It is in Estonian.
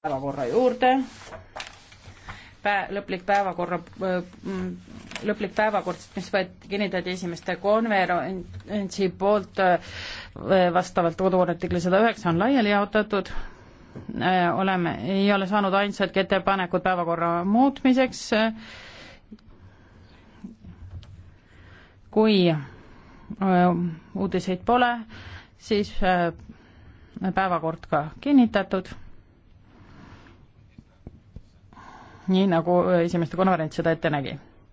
päevakorra juurde Pä. lõplik päevakorra, lõplik päevakord, mis võeti, kinnitati esimeste konverentsi poolt vastavalt koduartikli sada üheksa on laiali jaotatud. oleme, ei ole saanud ainsatki ettepanekut päevakorra muutmiseks. kui uudiseid pole, siis päevakord ka kinnitatud nii nagu äh, esimeste konverents seda ette nägi.